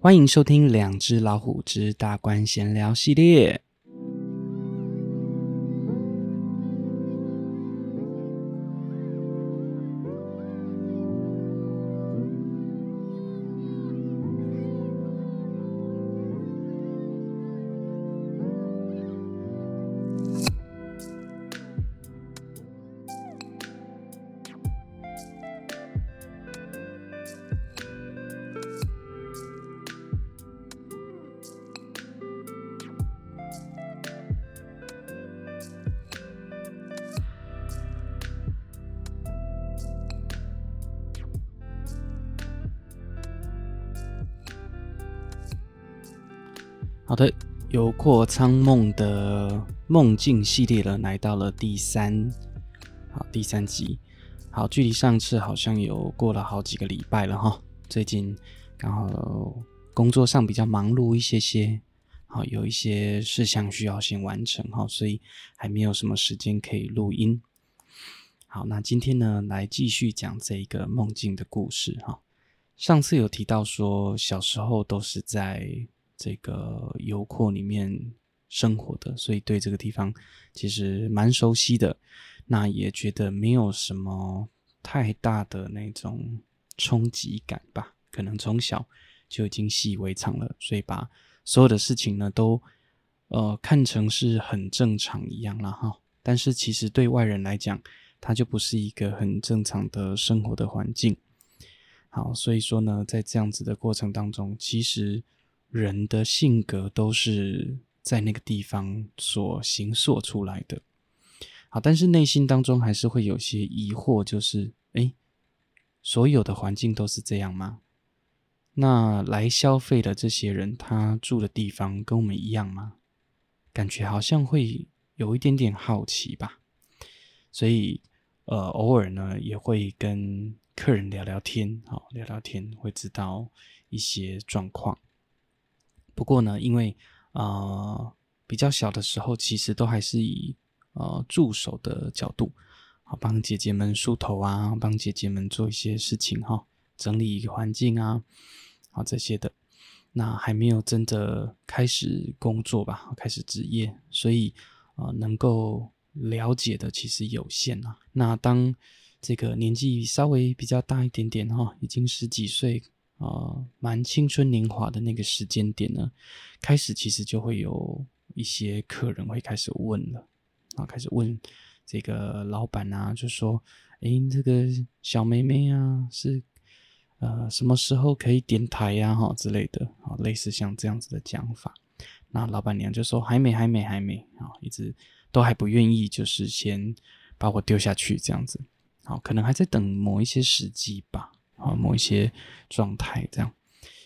歡迎收聽《兩隻老虎之大官閒聊》系列。好的，遊廓娼夢的夢境系列了。來到了第三，好第三集，好，距離上次好像有過了好幾個禮拜了哈。最近剛好工作上比較忙碌一些些，好有一些事項需要先完成哈，所以還沒有什麼時間可以錄音。好，那今天呢來繼續講這一個夢境的故事哈。上次有提到說小時候都是在。這個遊廓裡面生活的，所以對這個地方其實蠻熟悉的，那也覺得沒有什麼太大的那種衝擊感吧。可能從小就已經習以為常了，所以把所有的事情呢都呃看成是很正常一樣了哈。但是其實對外人來講，它就不是一個很正常的生活的環境。好，所以說呢，在這樣子的過程當中，其實。人的性格都是在那個地方所形塑出來的。好，但是內心當中還是會有些疑惑，就是，哎，所有的環境都是這樣嗎？那來消費的這些人，他住的地方跟我們一樣嗎？感覺好像會有一點點好奇吧。所以，呃，偶爾呢，也會跟客人聊聊天，好，聊聊天會知道一些狀況。不過呢，因為，啊、呃、比較小的時候，其實都還是以呃助手的角度，啊，幫姐姐們梳頭啊，幫姐姐們做一些事情哈、哦，整理環境啊，這些的。那還沒有真的開始工作吧，開始職業，所以啊、呃，能夠了解的其實有限啊。那當這個年紀稍微比較大一點點哈、哦，已經十幾歲。啊、呃，蠻青春年華的那個時間點呢，開始其實就會有一些客人會開始問了，啊，開始問這個老闆啊，就說，誒，這個小妹妹啊，是呃，什麼時候可以點台呀、啊？哈之類的，啊、哦，類似像這樣子的講法，那老闆娘就說還沒，還沒，還沒，啊、哦，一直都還不願意，就是先把我丟下去這樣子，啊、哦，可能還在等某一些時機吧。啊，某一些狀態這樣，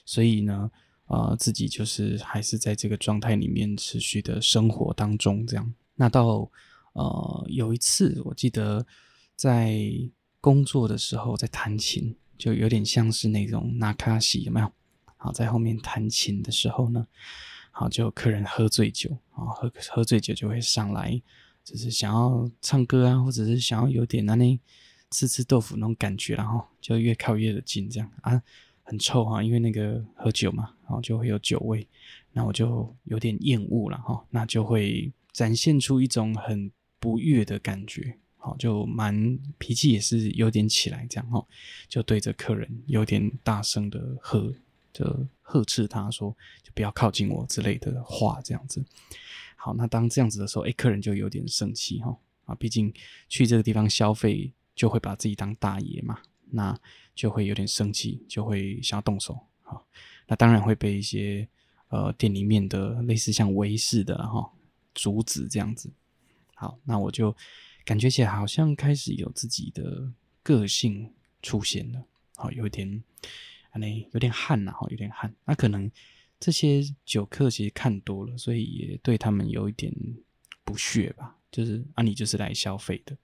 所以呢，呃，自己就是還是在這個狀態裡面持續的生活當中這樣。那到呃，有一次，我記得在工作的時候在彈琴，就有點像是那種那卡西有沒有？好，在後面彈琴的時候呢，好，就有客人喝醉酒，啊，喝喝醉酒就會上來，就是想要唱歌啊，或者是想要有點那、啊、那。吃吃豆腐那種感覺，然後就越靠越的近，這樣啊，很臭哈，啊，因為那個喝酒嘛，然後就會有酒味，那我就有點厭惡了哈，那就會展現出一種很不悅的感覺，好，就蠻脾氣也是有點起來，這樣哈，就對着客人有點大聲的呵，就呵斥他說，就不要靠近我之類的話，這樣子，好，那當這樣子的時候，哎，客人就有點生氣哈，啊，畢竟去這個地方消費。就會把自己當大爺嘛，那就會有點生氣，就會想要動手啊。那當然會被一些呃店裡面的類似像衛士的哈阻止這樣子。好，那我就感覺起來好像開始有自己的個性出現了，好，有一點阿、啊、有點悍吶，哈，有點悍，那、啊、可能這些酒客其實看多了，所以也對他們有一點不屑吧，就是啊你就是來消費的。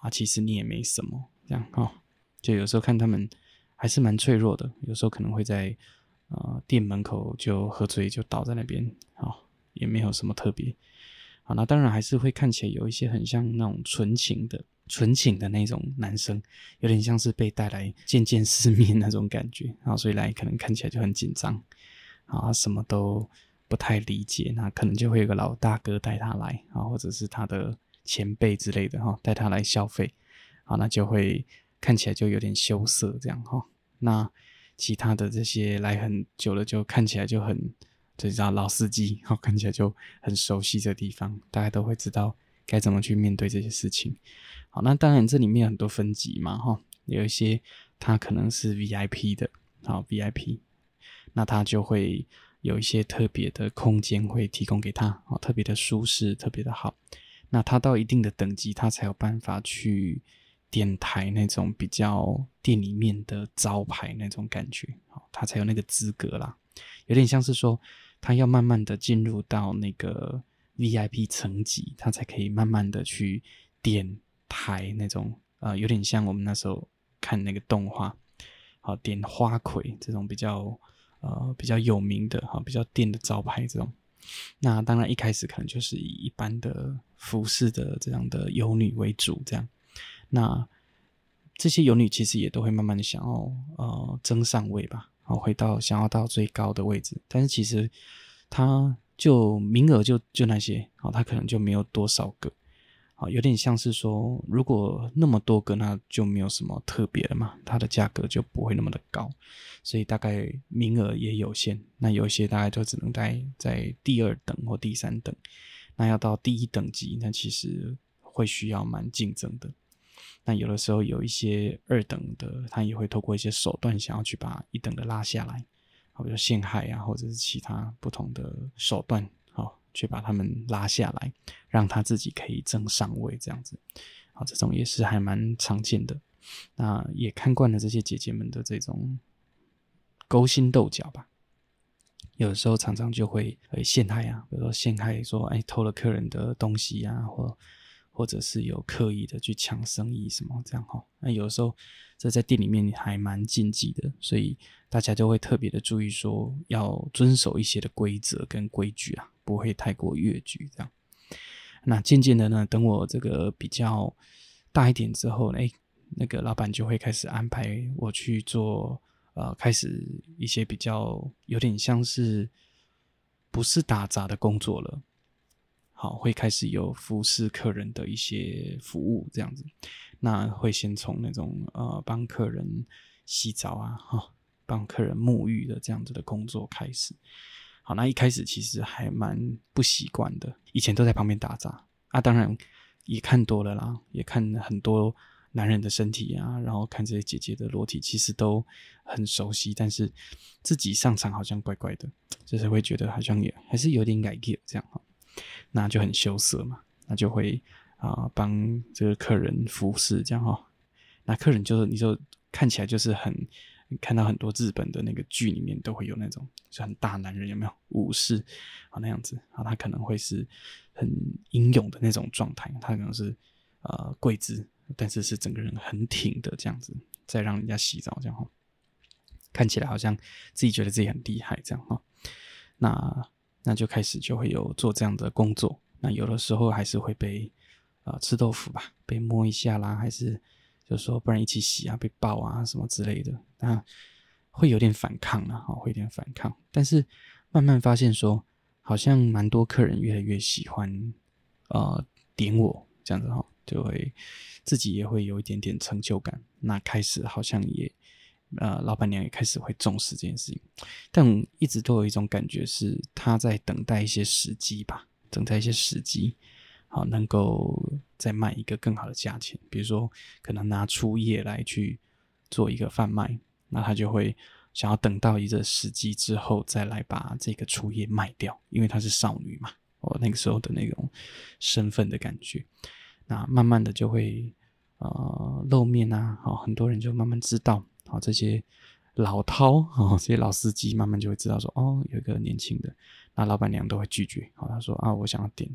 啊，其實你也沒什麼這樣哦，就有時候看他們還是蠻脆弱的，有時候可能會在、呃、店門口就喝醉，就倒在那邊哦，也沒有什麼特別。啊，那當然還是會看起來有一些很像那種純情的、純情的那種男生，有點像是被帶來見見世面那種感覺啊、哦，所以來可能看起來就很緊張、哦、啊，什麼都不太理解，那可能就會有個老大哥帶他來啊、哦，或者是他的。前輩之類的帶他來消費，好，那就會看起來就有點羞澀這樣哈。那其他的這些來很久了，就看起來就很，就知道老司機，看起來就很熟悉這地方，大家都會知道該怎麼去面對這些事情。好，那當然這裡面有很多分級嘛哈，有一些他可能是 VIP 的，VIP，那他就會有一些特別的空間會提供給他，特別的舒適，特別的好。那他到一定的等級，他才有辦法去點台那種比較店裡面的招牌那種感覺，他才有那個資格啦。有點像是說，他要慢慢的進入到那個 VIP 層級，他才可以慢慢的去點台那種，呃，有點像我們那時候看那個動畫，好、呃，點花魁這種比較，呃，比較有名的比較店的招牌這種。那當然，一開始可能就是以一般的服飾的這樣的遊女為主，這樣。那這些遊女其實也都會慢慢的想要，呃，爭上位吧，哦，回到想要到最高的位置。但是其實，他就名額就就那些，哦，他可能就沒有多少個。有點像是說，如果那麼多個，那就沒有什麼特別了嘛，它的價格就不會那麼的高，所以大概名額也有限。那有些大概就只能待在第二等或第三等，那要到第一等級，那其實會需要蠻競爭的。那有的時候有一些二等的，他也會透過一些手段想要去把一等的拉下來，比如陷害啊，或者是其他不同的手段。去把他們拉下來，讓他自己可以爭上位這樣子，好，這種也是還蠻常見的。那也看慣了這些姐姐們的這種勾心鬥角吧。有的時候常常就會陷害啊，比如說陷害說哎偷了客人的東西啊，或或者是有刻意的去搶生意什麼這樣哈。那有的時候這在店裡面還蠻禁忌的，所以大家就會特別的注意說要遵守一些的規則跟規矩啊。不會太過越矩，這樣。那漸漸的呢，等我這個比較大一點之後呢，哎，那個老闆就會開始安排我去做，呃，開始一些比較有點像是不是打雜的工作了。好，會開始有服侍客人的一些服務這樣子。那會先從那種呃，幫客人洗澡啊，哈、哦，幫客人沐浴的這樣子的工作開始。好，那一開始其實還蠻不習慣的，以前都在旁邊打雜啊，當然也看多了啦，也看很多男人的身體啊，然後看這些姐姐的裸體，其實都很熟悉，但是自己上場好像怪怪的，就是會覺得好像也還是有點改變這樣，那就很羞澀嘛，那就會啊幫這個客人服侍這樣哈，那客人就是你就看起來就是很。看到很多日本的那個劇裡面都會有那種，就很大男人，有沒有武士啊那樣子啊，他可能會是很英勇的那種狀態，他可能是呃跪姿，但是是整個人很挺的這樣子，在讓人家洗澡這樣哈，看起來好像自己覺得自己很厲害這樣哈、哦。那那就開始就會有做這樣的工作，那有的時候還是會被啊、呃、吃豆腐吧，被摸一下啦，還是。就是、說不然一起洗啊，被爆啊什麼之類的，那會有點反抗啊，會有點反抗。但是慢慢發現說，好像蠻多客人越來越喜歡，呃，點我這樣子，就會自己也會有一點點成就感。那開始好像也，呃，老闆娘也開始會重視這件事情，但我一直都有一種感覺是他在等待一些時機吧，等待一些時機。好，能夠再賣一個更好的價錢，比如說可能拿初夜來去做一個販賣，那他就會想要等到一個時機之後再來把這個初夜賣掉，因為她是少女嘛，哦，那個時候的那種身份的感覺，那慢慢的就會呃露面啊、哦，很多人就慢慢知道，好、哦，這些老饕啊、哦，這些老司機慢慢就會知道說，哦，有一個年輕的，那老闆娘都會拒絕，好、哦，他說啊，我想要點。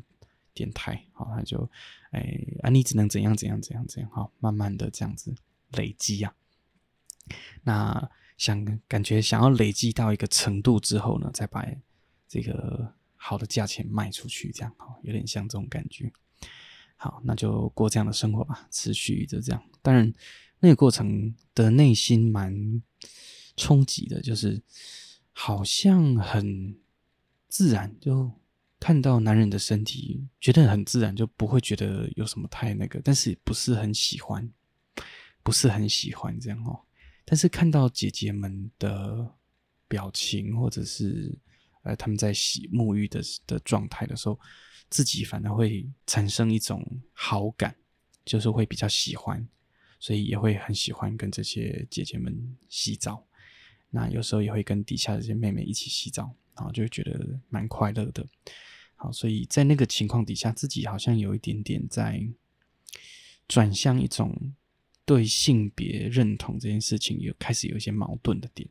變態，好，他就哎、欸，啊，你只能怎樣怎樣怎樣怎樣，好，慢慢的這樣子累積呀、啊。那想感覺想要累積到一個程度之後呢，再把這個好的價錢賣出去，這樣好，有點像這種感覺。好，那就過這樣的生活吧，持續就這樣。當然，那個過程的內心蠻衝擊的，就是好像很自然就。看到男人的身體，覺得很自然，就不會覺得有什麼太那個，但是不是很喜歡，不是很喜歡這樣哦。但是看到姐姐們的表情，或者是呃他們在洗沐浴的的狀態的時候，自己反而會產生一種好感，就是會比較喜歡，所以也會很喜歡跟這些姐姐們洗澡。那有時候也會跟底下的這些妹妹一起洗澡。好，後就會覺得蠻快樂的，好，所以在那個情況底下，自己好像有一點點在轉向一種對性別認同這件事情有開始有一些矛盾的點。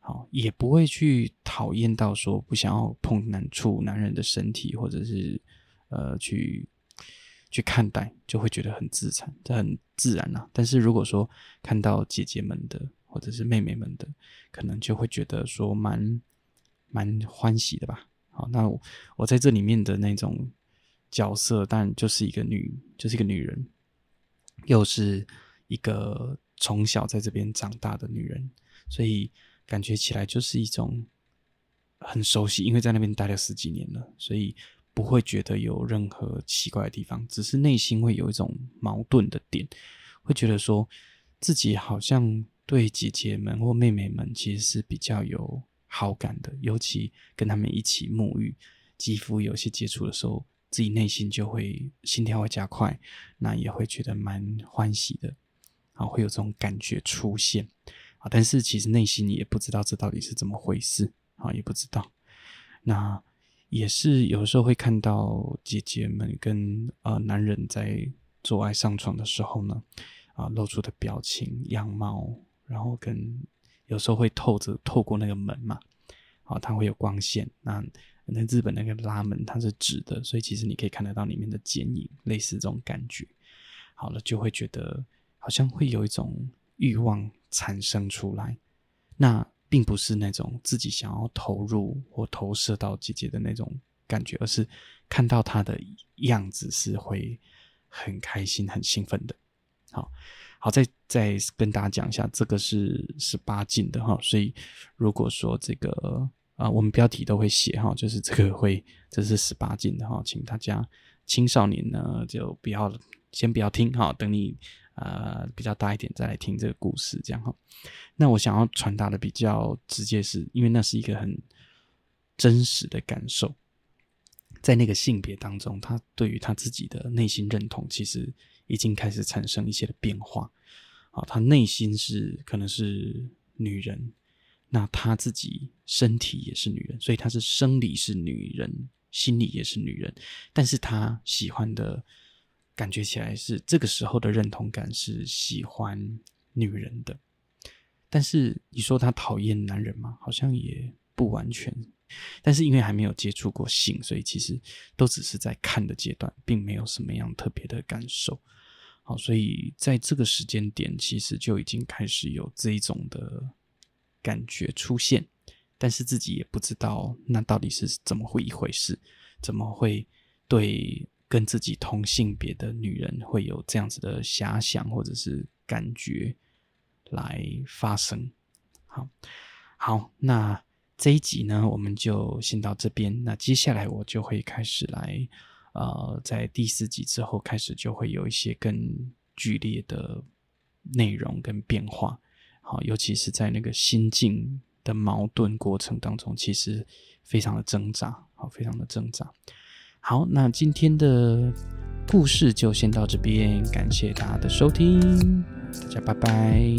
好，也不會去討厭到說不想要碰、難處男人的身體，或者是呃去去看待，就會覺得很自殘，這很自然啦、啊。但是如果說看到姐姐們的或者是妹妹們的，可能就會覺得說蠻。蠻歡喜的吧？好，那我我在這裡面的那種角色，當然就是一個女，就是一個女人，又是一個從小在這邊長大的女人，所以感覺起來就是一種很熟悉，因為在那邊待了十幾年了，所以不會覺得有任何奇怪的地方，只是內心會有一種矛盾的點，會覺得說自己好像對姐姐們或妹妹們其實是比較有。好感的，尤其跟他們一起沐浴，肌膚有些接觸的時候，自己內心就會心跳會加快，那也會覺得蠻歡喜的，啊，會有這種感覺出現，啊，但是其實內心你也不知道這到底是怎麼回事，啊，也不知道。那也是有時候會看到姐姐們跟呃男人在做愛上床的時候呢，啊，露出的表情，樣貌，然後跟。有時候會透着透過那個門嘛，好，它會有光線。那那日本那個拉門它是紙的，所以其實你可以看得到裡面的剪影，類似這種感覺。好了，就會覺得好像會有一種慾望產生出來。那並不是那種自己想要投入或投射到姐姐的那種感覺，而是看到她的樣子是會很開心、很興奮的。好。好，再再跟大家講一下，這個是十八禁的哈，所以如果說這個啊、呃，我們標題都會寫哈，就是這個會這是十八禁的哈，請大家青少年呢就不要先不要聽哈，等你呃比較大一點再來聽這個故事，這樣哈。那我想要傳達的比較直接是，是因為那是一個很真實的感受，在那個性別當中，他對於他自己的內心認同，其實。已經開始產生一些的變化，啊，他內心是可能是女人，那他自己身體也是女人，所以他是生理是女人，心理也是女人，但是他喜歡的感覺起來是這個時候的認同感是喜歡女人的，但是你說他討厭男人嗎？好像也不完全。但是因為還沒有接觸過性，所以其實都只是在看的階段，並沒有什麼樣特別的感受。好，所以在這個時間點，其實就已經開始有這一種的感覺出現，但是自己也不知道那到底是怎麼會一回事，怎麼會對跟自己同性別的女人會有這樣子的遐想或者是感覺來發生。好，好，那。這一集呢，我們就先到這邊。那接下來我就會開始來，呃，在第四集之後開始就會有一些更劇烈的內容跟變化。好，尤其是在那個心境的矛盾過程當中，其實非常的掙扎，好，非常的掙扎。好，那今天的故事就先到這邊，感謝大家的收聽，大家拜拜。